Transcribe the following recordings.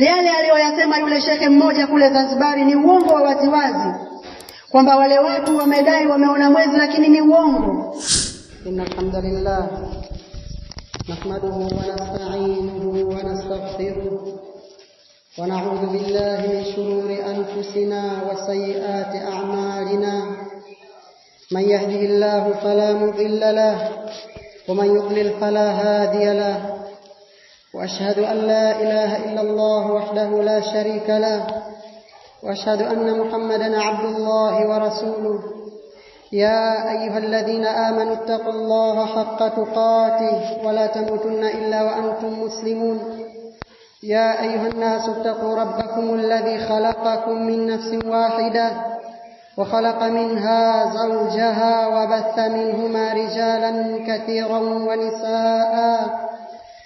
Yale aliyoyasema yule shekhe mmoja kule Zanzibari ni uongo wa waziwazi, kwamba wale watu wamedai wameona mwezi, lakini ni uongo. Inna alhamdulillah nahmaduhu wa nasta'inuhu wa nastaghfiruh wa na'udhu billahi min shururi anfusina wa sayyiati a'malina man yahdihillahu fala mudilla lahu wa man yudlil fala hadiya lahu وأشهد أن لا إله إلا الله وحده لا شريك له وأشهد أن محمدا عبد الله ورسوله يا أيها الذين آمنوا اتقوا الله حق تقاته ولا تموتن إلا وأنتم مسلمون يا أيها الناس اتقوا ربكم الذي خلقكم من نفس واحدة وخلق منها زوجها وبث منهما رجالا كثيرا ونساءً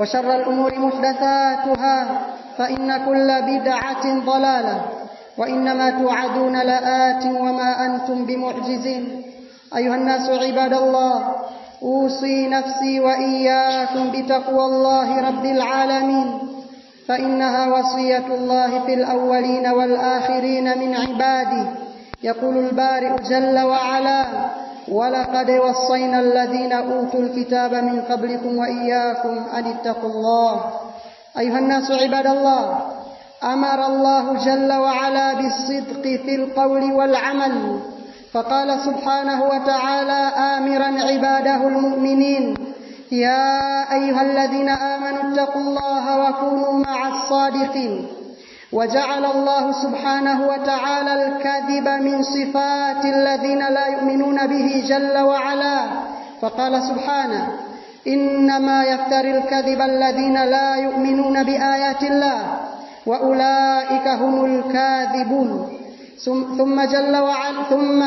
وشر الأمور محدثاتها فإن كل بدعة ضلالة وإنما توعدون لآت وما أنتم بمعجزين أيها الناس عباد الله أوصي نفسي وإياكم بتقوى الله رب العالمين فإنها وصية الله في الأولين والآخرين من عباده يقول البارئ جل وعلا ولقد وصينا الذين أوتوا الكتاب من قبلكم وإياكم أن اتقوا الله أيها الناس عباد الله أمر الله جل وعلا بالصدق في القول والعمل فقال سبحانه وتعالى آمرا عباده المؤمنين يا أيها الذين آمنوا اتقوا الله وكونوا مع الصادقين وجعل الله سبحانه وتعالى الكذب من صفات الذين لا يؤمنون به جل وعلا فقال سبحانه إنما يفتر الكذب الذين لا يؤمنون بآيات الله وأولئك هم الكاذبون ثم جل وعلا ثم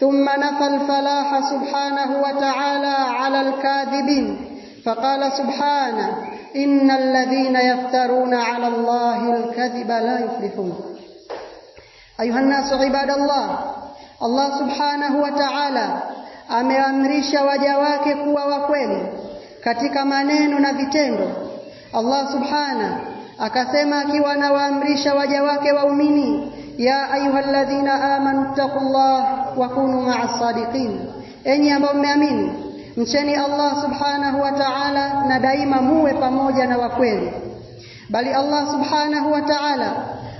ثم نفى الفلاح سبحانه وتعالى على الكاذبين فقال سبحانه إن الذين يفترون على الله الكذب لا يفلحون أيها الناس عباد الله الله سبحانه وتعالى أمرش وجواك قوة وكويل كتك منين نبتين الله سبحانه أكثم كيوانا وأمرش وجواك وأميني يا أيها الذين آمنوا اتقوا الله وكونوا مع الصادقين إني أمر أميني Mcheni Allah subhanahu wa ta'ala, na daima muwe pamoja na wakweli. Bali Allah subhanahu wa ta'ala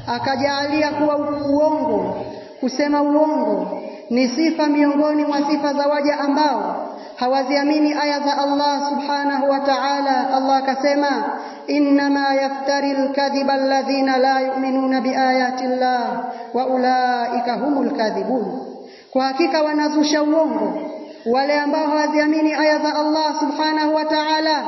akajaalia kuwa uongo, kusema uongo ni sifa miongoni mwa sifa za waja ambao hawaziamini aya za Allah subhanahu wa ta'ala. Allah akasema, innama yaftari al-kadhiba alladhina la yu'minuna biayati llah wa ulaika humul kadhibun, kwa hakika wanazusha uongo wale ambao hawaziamini aya za Allah subhanahu wa ta'ala,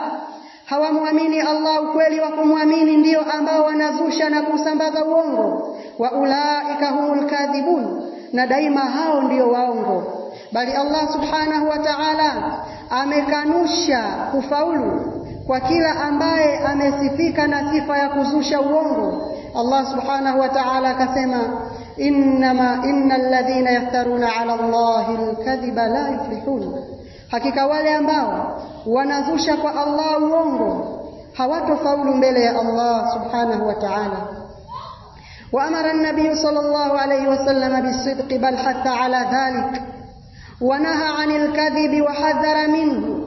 hawamwamini Allah ukweli wa kumwamini, ndio ambao wanazusha na kusambaza uongo. Wa ulaika humul kadhibun, na daima hao ndio waongo. Bali Allah subhanahu wa ta'ala amekanusha kufaulu kwa kila ambaye amesifika na sifa ya kuzusha uongo. Allah subhanahu wa ta'ala akasema إنما إن الذين يفترون على الله الكذب لا يفلحون حكيك wale ambao wanazusha kwa Allah uongo hawatofaulu mbele الله سبحانه وتعالى وأمر النبي صلى الله عليه وسلم بالصدق بل حث على ذلك ونهى عن الكذب وحذر منه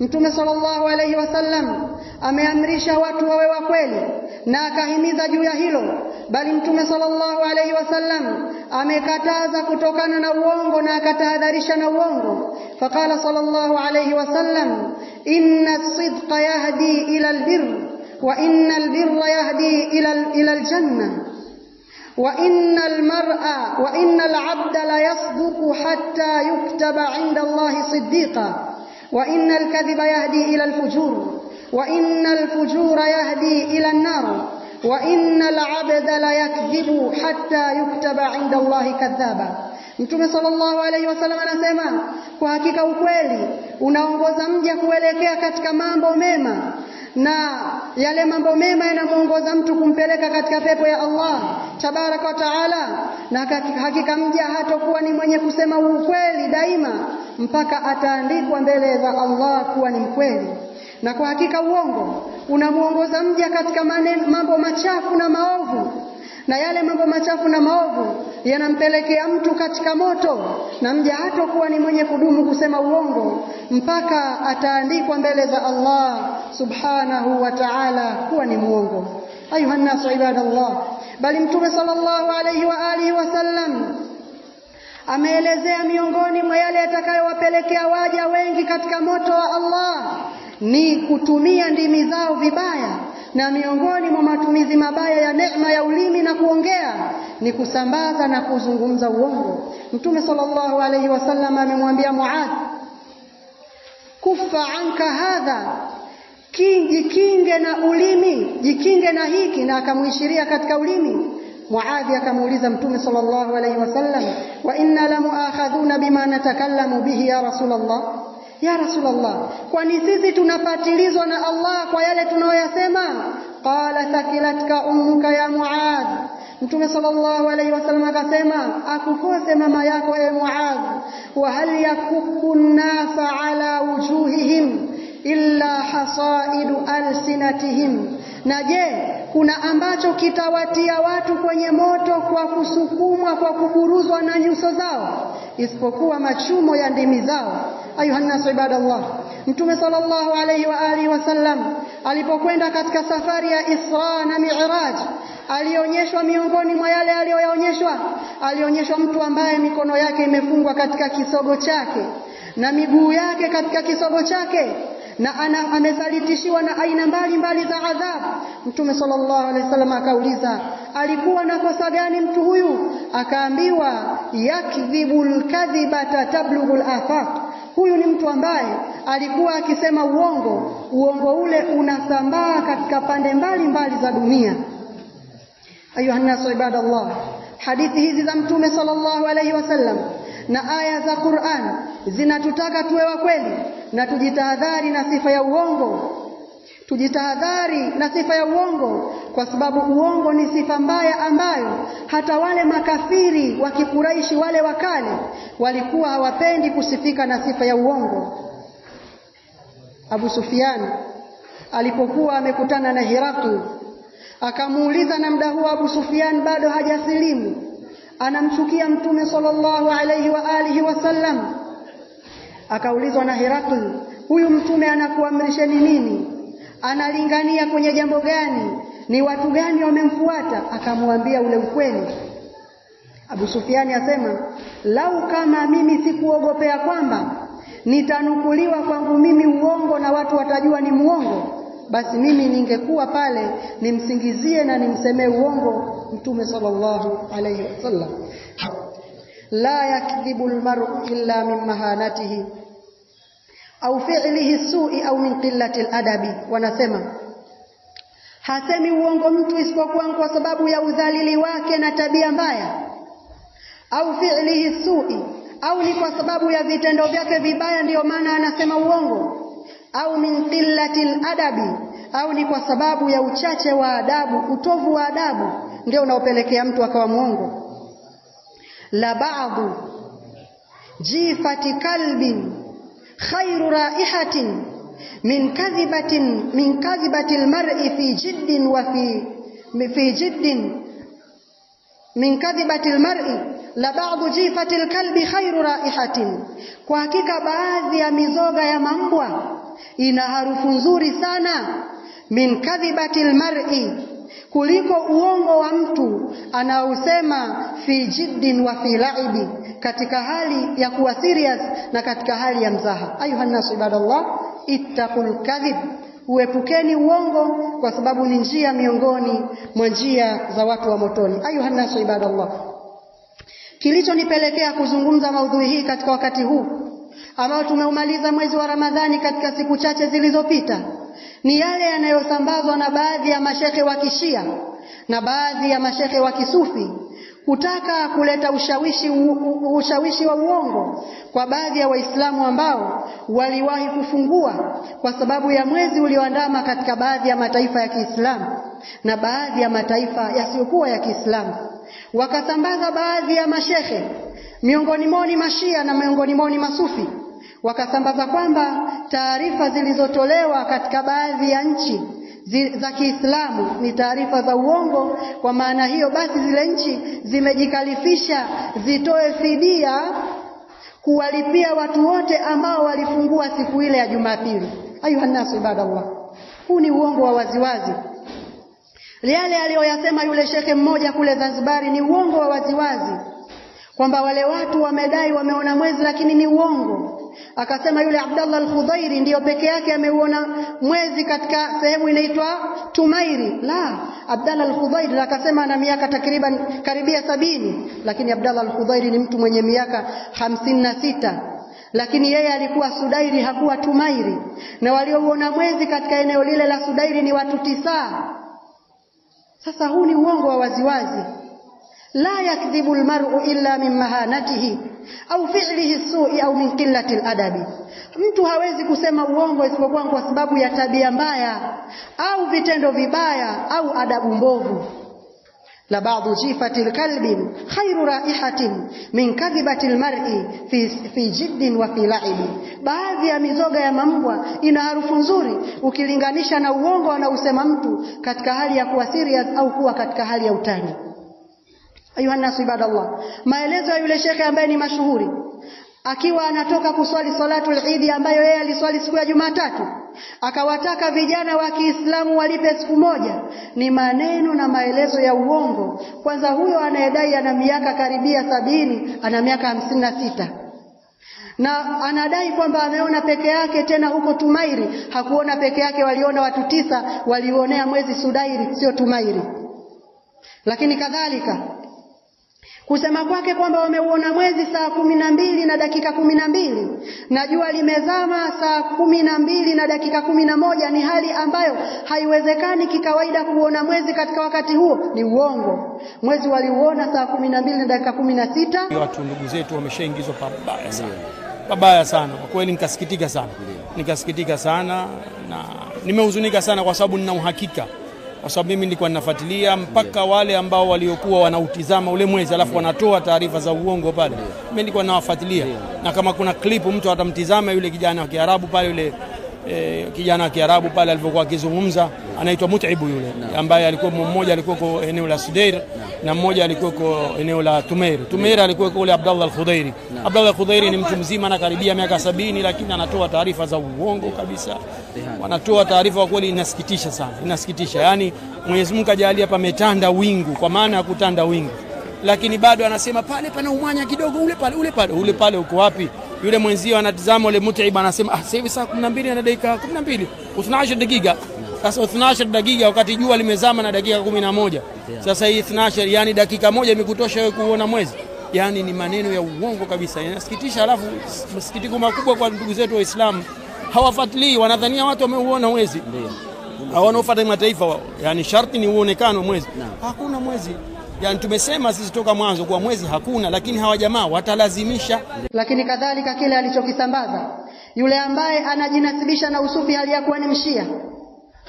أنتم صلى الله عليه وسلم أمي أمريشا واتوا ووكويلي na akahimiza juu ya hilo, bali Mtume sallallahu alaihi wasallam amekataza kutokana na uongo na akatahadharisha na uongo. Faqala sallallahu alaihi wasallam, inna sidqa yahdi ila albir wa inna albir yahdi ila ila aljanna wa inna almar'a wa inna alabda la yasduqu hatta yuktaba inda Allahi siddiqa wa inna alkadhiba yahdi ila alfujur وإن الفجور يهدي إلى النار وإن العبد ليكذب حتى يكتب عند الله كذابا Mtume sallallahu alaihi wasallam anasema kwa hakika ukweli unaongoza mja kuelekea katika mambo mema, na yale mambo mema yanamwongoza mtu kumpeleka katika pepo ya Allah tabaraka wa taala, na hakika mja hatokuwa ni mwenye kusema ukweli daima mpaka ataandikwa mbele za Allah kuwa ni mkweli na kwa hakika uongo unamwongoza mja katika manen, mambo machafu na maovu, na yale mambo machafu na maovu yanampelekea mtu katika moto, na mja hatokuwa ni mwenye kudumu kusema uongo mpaka ataandikwa mbele za Allah subhanahu wa ta'ala kuwa ni mwongo. Ayuha nnasu ibadallah, bali Mtume sallallahu alayhi wa alihi wasallam ameelezea miongoni mwa yale yatakayowapelekea waja wengi katika moto wa Allah ni kutumia ndimi zao vibaya, na miongoni mwa matumizi mabaya ya neema ya ulimi na kuongea ni kusambaza na kuzungumza uongo. Mtume sallallahu alaihi wasallam amemwambia Muadh, kufa anka hadha jikinge na ulimi, jikinge na hiki, na akamwishiria katika ulimi. Muadhi akamuuliza Mtume sallallahu alaihi wasallam, wa inna la bima natakallamu bihi ya Rasulullah ya Rasulullah, kwani sisi tunapatilizwa na Allah kwa yale tunayoyasema? Qala thakilatka ummuka ya Muadh, Mtume sallallahu alaihi wasallam akasema, akukose mama yako e Muadh. Wa hal yakukku nnasa ala wujuhihim illa hasaidu alsinatihim, na je kuna ambacho kitawatia watu kwenye moto kwa kusukumwa, kwa kuburuzwa na nyuso zao, isipokuwa machumo ya ndimi zao nas ibadallah mtume sallallahu alayhi wa alihi wasallam alipokwenda katika safari ya isra na miraj alionyeshwa miongoni mwa yale aliyoyaonyeshwa alionyeshwa mtu ambaye mikono yake imefungwa katika kisogo chake na miguu yake katika kisogo chake na ana, amesalitishiwa na aina mbalimbali za adhabu. Mtume sallallahu alaihi wasallam akauliza, alikuwa na kosa gani mtu huyu? Akaambiwa, yakdhibu kadhiba tablughu afaq Huyu ni mtu ambaye alikuwa akisema uongo, uongo ule unasambaa katika pande mbali mbali za dunia. Ayuhannasu ibadallah, hadithi hizi za Mtume sallallahu alayhi wasallam na aya za Qur'an zinatutaka tuwe wa kweli na tujitahadhari na sifa ya uongo Tujitahadhari na sifa ya uongo, kwa sababu uongo ni sifa mbaya ambayo hata wale makafiri wa Kikuraishi wale wakale walikuwa hawapendi kusifika na sifa ya uongo. Abu Sufiani alipokuwa amekutana na Herakli akamuuliza, na mda huo Abu Sufyan bado hajasilimu, anamchukia Mtume sallallahu alaihi wa alihi wasallam. Akaulizwa na Herakli, huyu mtume anakuamrisheni nini? analingania kwenye jambo gani, ni watu gani wamemfuata, akamwambia ule ukweli. Abu Sufiani asema lau kama mimi sikuogopea kwamba nitanukuliwa kwangu mimi uongo na watu watajua ni muongo, basi mimi ningekuwa pale nimsingizie na nimsemee uongo Mtume sallallahu alayhi wasallam. La yakdhibu almar'u illa min mahanatihi au fi'lihi su'i au min qillati aladabi, wanasema hasemi uongo mtu isipokuwa kwa sababu ya udhalili wake na tabia mbaya, au fi'lihi su'i, au ni kwa sababu ya vitendo vyake vibaya, ndiyo maana anasema uongo, au min qillati aladabi, au ni kwa sababu ya uchache wa adabu, utovu wa adabu ndio unaopelekea mtu akawa muongo. la ba'du jifati kalbin khairu raihatin min kadhibatin min kadhibatil mar'i fi jiddin wa fi fi jiddin min kadhibatil mar'i la ba'du jifatil kalbi khairu raihatin, kwa hakika baadhi ya mizoga ya mambwa ina harufu nzuri sana. Min kadhibatil mar'i kuliko uongo wa mtu anaosema fi jiddin wa fi laibi, katika hali ya kuwa serious na katika hali ya mzaha. Ayuha ibadallah ittaqul kadhib, uepukeni uongo kwa sababu ni njia miongoni mwa njia za watu wa motoni. Ayuha ibadallah, kilichonipelekea kuzungumza maudhui hii katika wakati huu ambao tumeumaliza mwezi wa Ramadhani katika siku chache zilizopita ni yale yanayosambazwa na baadhi ya mashehe wa kishia na baadhi ya mashehe wa kisufi kutaka kuleta ushawishi, ushawishi wa uongo kwa baadhi ya Waislamu ambao waliwahi kufungua kwa sababu ya mwezi ulioandama katika baadhi ya mataifa ya Kiislamu na baadhi ya mataifa yasiyokuwa ya Kiislamu, wakasambaza baadhi ya mashehe miongoni ni mashia na miongoni ni masufi wakasambaza kwamba taarifa zilizotolewa katika baadhi ya nchi za Kiislamu ni taarifa za uongo. Kwa maana hiyo basi, zile nchi zimejikalifisha zitoe fidia kuwalipia watu wote ambao walifungua siku ile ya Jumapili. ayuhannasu nnasu ibadallah, huu ni uongo wa waziwazi. Yale aliyoyasema yule shekhe mmoja kule Zanzibari ni uongo wa waziwazi kwamba wale watu wamedai wameona mwezi lakini ni uongo. Akasema yule Abdallah al khudairi ndiyo peke yake ameuona mwezi katika sehemu inaitwa Tumairi. La, Abdallah al khudairi akasema ana miaka takriban karibia sabini, lakini Abdallah al khudairi ni mtu mwenye miaka hamsini na sita lakini yeye alikuwa Sudairi, hakuwa Tumairi, na waliouona mwezi katika eneo lile la Sudairi ni watu tisa. Sasa huu ni uongo wa waziwazi wazi la yakdhibu almar'u illa min mahanatihi au fi'lihi su'i au min qillati aladabi, mtu hawezi kusema uongo isipokuwa kwa sababu ya tabia mbaya au vitendo vibaya au adabu mbovu. la ba'dhu jifati alkalbi khairu raihatin min kadhibati almar'i fi, fi jiddin wa fi la'ibi, baadhi ya mizoga ya mambwa ina harufu nzuri ukilinganisha na uongo anausema mtu katika hali ya kuwa serious au kuwa katika hali ya utani ayuha nasu ibadallah maelezo ya yule shekhe ambaye ni mashuhuri akiwa anatoka kuswali salatu al-Eid ambayo yeye aliswali siku ya Jumatatu akawataka vijana wa Kiislamu walipe siku moja, ni maneno na maelezo ya uongo. Kwanza huyo anayedai ana miaka karibia sabini, ana miaka na sita na anadai kwamba ameona peke yake, tena huko Tumairi. Hakuona peke yake, waliona watu tisa, waliuonea mwezi Sudairi, sio Tumairi. Lakini kadhalika Kusema kwake kwamba wameuona mwezi saa kumi na mbili na dakika kumi na mbili na jua limezama saa kumi na mbili na dakika kumi na moja ni hali ambayo haiwezekani kikawaida kuona mwezi katika wakati huo, ni uongo. Mwezi waliuona saa kumi na mbili na dakika kumi na sita. Watu ndugu zetu wameshaingizwa pabaya sana, pabaya sana kwa kweli, nikasikitika sana, nikasikitika sana na nimehuzunika sana, kwa sababu nina uhakika kwa sababu mimi nilikuwa ninafuatilia mpaka yeah. wale ambao waliokuwa wanautizama ule mwezi alafu yeah. wanatoa taarifa za uongo pale yeah. mimi nilikuwa nawafuatilia yeah. na kama kuna klipu mtu atamtizama yule kijana wa Kiarabu pale yule e, kijana wa Kiarabu pale alivyokuwa akizungumza, anaitwa Mutaibu yule ambaye alikuwa mmoja, alikuwa kwa eneo la Sudair na mmoja alikuwa kwa eneo la Tumeir. Tumeir alikuwa ule Abdallah Al-Khudairi. Abdallah Al-Khudairi ni mtu mzima na karibia miaka sabini, lakini anatoa taarifa za uongo kabisa, wanatoa taarifa kwa kweli, inasikitisha sana, inasikitisha. Yani Mwenyezi Mungu ajalia pametanda wingu, kwa maana ya kutanda wingu, lakini bado anasema pale pana umwanya kidogo, ule pale ule pale ule pale, uko wapi? yule mwenzio anatizama yule Mut'ib anasema, ah, sasa hivi saa 12 na dakika 12 12 dakika sasa uthnashar dakika, wakati jua limezama na dakika 11. Sasa hii 12, yani dakika moja imekutosha wewe kuona mwezi? Yani ni maneno ya uongo kabisa, yanasikitisha. Alafu masikitiko makubwa kwa ndugu zetu Waislamu, hawafatilii wanadhania watu wameuona mwezi, hawanaofuata mataifa. Yani sharti ni uonekano mwezi, hakuna mwezi. Yani tumesema sisi toka mwanzo kuwa mwezi hakuna, lakini hawa jamaa watalazimisha. Lakini kadhalika kile alichokisambaza yule ambaye anajinasibisha na usufi hali ya kuwa ni mshia,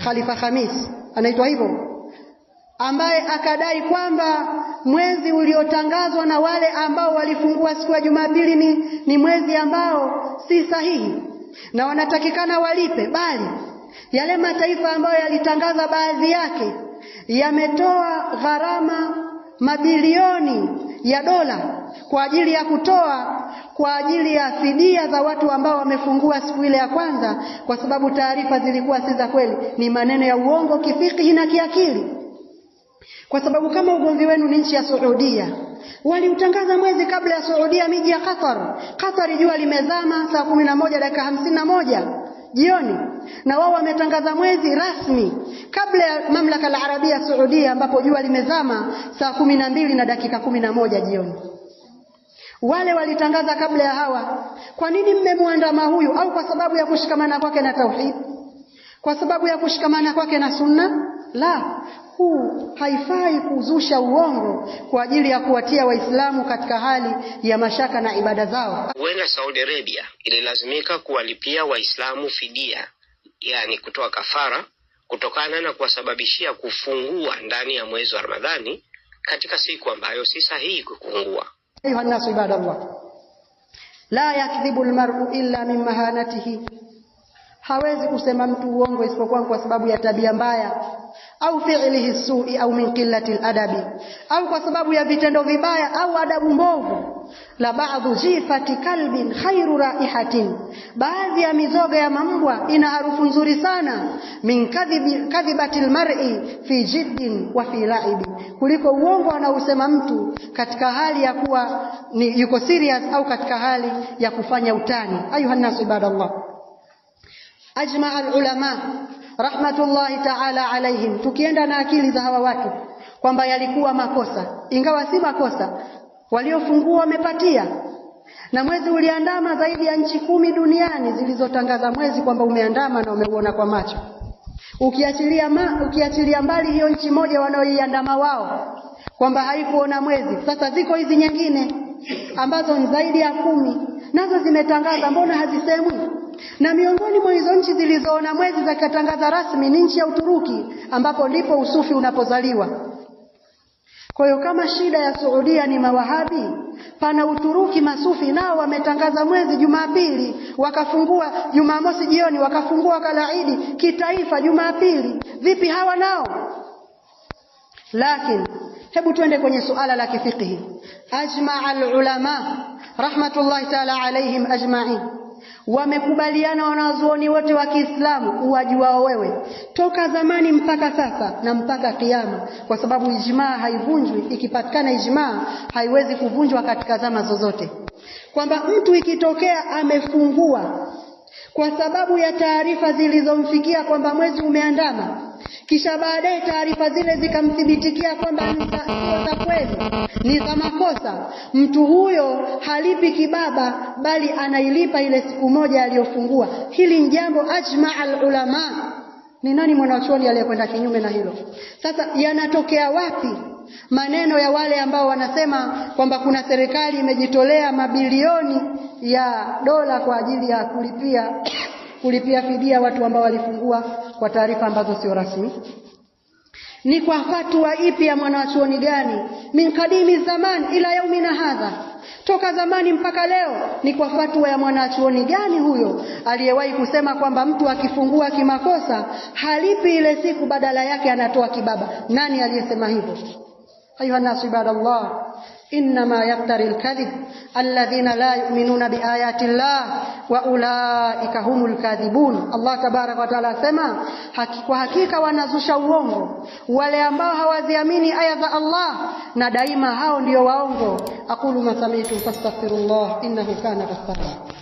Khalifa Khamis anaitwa hivyo, ambaye akadai kwamba mwezi uliotangazwa na wale ambao walifungua siku ya Jumapili ni, ni mwezi ambao si sahihi na wanatakikana walipe, bali yale mataifa ambayo yalitangaza baadhi yake yametoa gharama mabilioni ya dola kwa ajili ya kutoa kwa ajili ya fidia za watu ambao wamefungua siku ile ya kwanza, kwa sababu taarifa zilikuwa si za kweli, ni maneno ya uongo kifikihi na kiakili. Kwa sababu kama ugomvi wenu ni nchi ya Saudia, waliutangaza mwezi kabla ya Saudia miji ya Qatar. Qatar jua limezama saa kumi na moja dakika hamsini na moja jioni na wao wametangaza mwezi rasmi kabla ya mamlaka la Arabia Saudia, ambapo jua limezama saa kumi na mbili na dakika kumi na moja jioni. Wale walitangaza kabla ya hawa. Kwa nini mmemwandama huyu? Au kwa sababu ya kushikamana kwake na tauhid, kwa sababu ya kushikamana kwake na sunna? La, huu haifai kuzusha uongo kwa ajili ya kuwatia Waislamu katika hali ya mashaka na ibada zao. Huenda Saudi Arabia ililazimika kuwalipia Waislamu fidia yani kutoa kafara kutokana na kuwasababishia kufungua ndani ya mwezi wa Ramadhani katika siku ambayo si sahihi kufungua. Ayuha nnasu ibadallah la yakdhibu lmaru illa min mahanatihi, hawezi kusema mtu uongo isipokuwa kwa sababu ya tabia mbaya au fi'lihi sui au min qillati ladabi, au kwa sababu ya vitendo vibaya au adabu mbovu. La ba'dhu jifati kalbin khairu raihatin, baadhi ya mizoga ya mambwa ina harufu nzuri sana. Min kadhibati lmar'i fi jiddin wa fi laibi, kuliko uongo anausema mtu katika hali ya kuwa ni yuko serious au katika hali ya kufanya utani. Ayuha nnasu ibadallah, ajmaa alulama rahmatullahi ta'ala alaihim tukienda na akili za hawa watu kwamba yalikuwa makosa ingawa si makosa waliofungua wamepatia na mwezi uliandama zaidi ya nchi kumi duniani zilizotangaza mwezi kwamba umeandama na umeuona kwa macho ukiachilia, ma, ukiachilia mbali hiyo nchi moja wanaoiandama wao kwamba haikuona mwezi. Sasa ziko hizi nyingine ambazo ni zaidi ya kumi, nazo zimetangaza, mbona hazisemwi? Na miongoni mwa hizo nchi zilizoona mwezi zakatangaza rasmi ni nchi ya Uturuki, ambapo ndipo usufi unapozaliwa. Kwa hiyo kama shida ya suudia ni mawahabi, pana Uturuki masufi nao wametangaza mwezi Jumapili, wakafungua Jumamosi jioni, wakafungua kalaidi kitaifa Jumapili. Vipi hawa nao? Lakini hebu twende kwenye suala la kifikihi. Ajmaa ulama rahmatullahi taala alaihim ajmain Wamekubaliana wanazuoni wote wa Kiislamu uwajuwao wewe toka zamani mpaka sasa na mpaka Kiyama, kwa sababu ijmaa haivunjwi. Ikipatikana ijmaa haiwezi kuvunjwa katika zama zozote, kwamba mtu ikitokea amefungua kwa sababu ya taarifa zilizomfikia kwamba mwezi umeandama, kisha baadaye taarifa zile zikamthibitikia kwamba ni za kweli, ni za makosa, mtu huyo halipi kibaba, bali anailipa ile siku moja aliyofungua. Hili ni jambo ajma al ulama. Ni nani mwanachuoni aliyekwenda kinyume na hilo? Sasa yanatokea wapi? maneno ya wale ambao wanasema kwamba kuna serikali imejitolea mabilioni ya dola kwa ajili ya kulipia kulipia fidia watu ambao walifungua kwa taarifa ambazo sio rasmi. Ni kwa fatwa ipi ya mwanachuoni gani? min kadimi zaman ila yaumina hadha, toka zamani mpaka leo. Ni kwa fatwa ya mwanachuoni gani huyo aliyewahi kusema kwamba mtu akifungua kimakosa halipi ile siku, badala yake anatoa kibaba? Nani aliyesema hivyo? أيها الناس عباد الله إنما يفتري الكذب الذين لا يؤمنون بآيات الله وأولئك هم الكاذبون الله تبارك وتعالى سما وحقيقة ونزوش وونغ ولما هو زيميني آية الله ندائما هاو ديو أقول ما سمعتم فاستغفروا الله إنه كان غفارا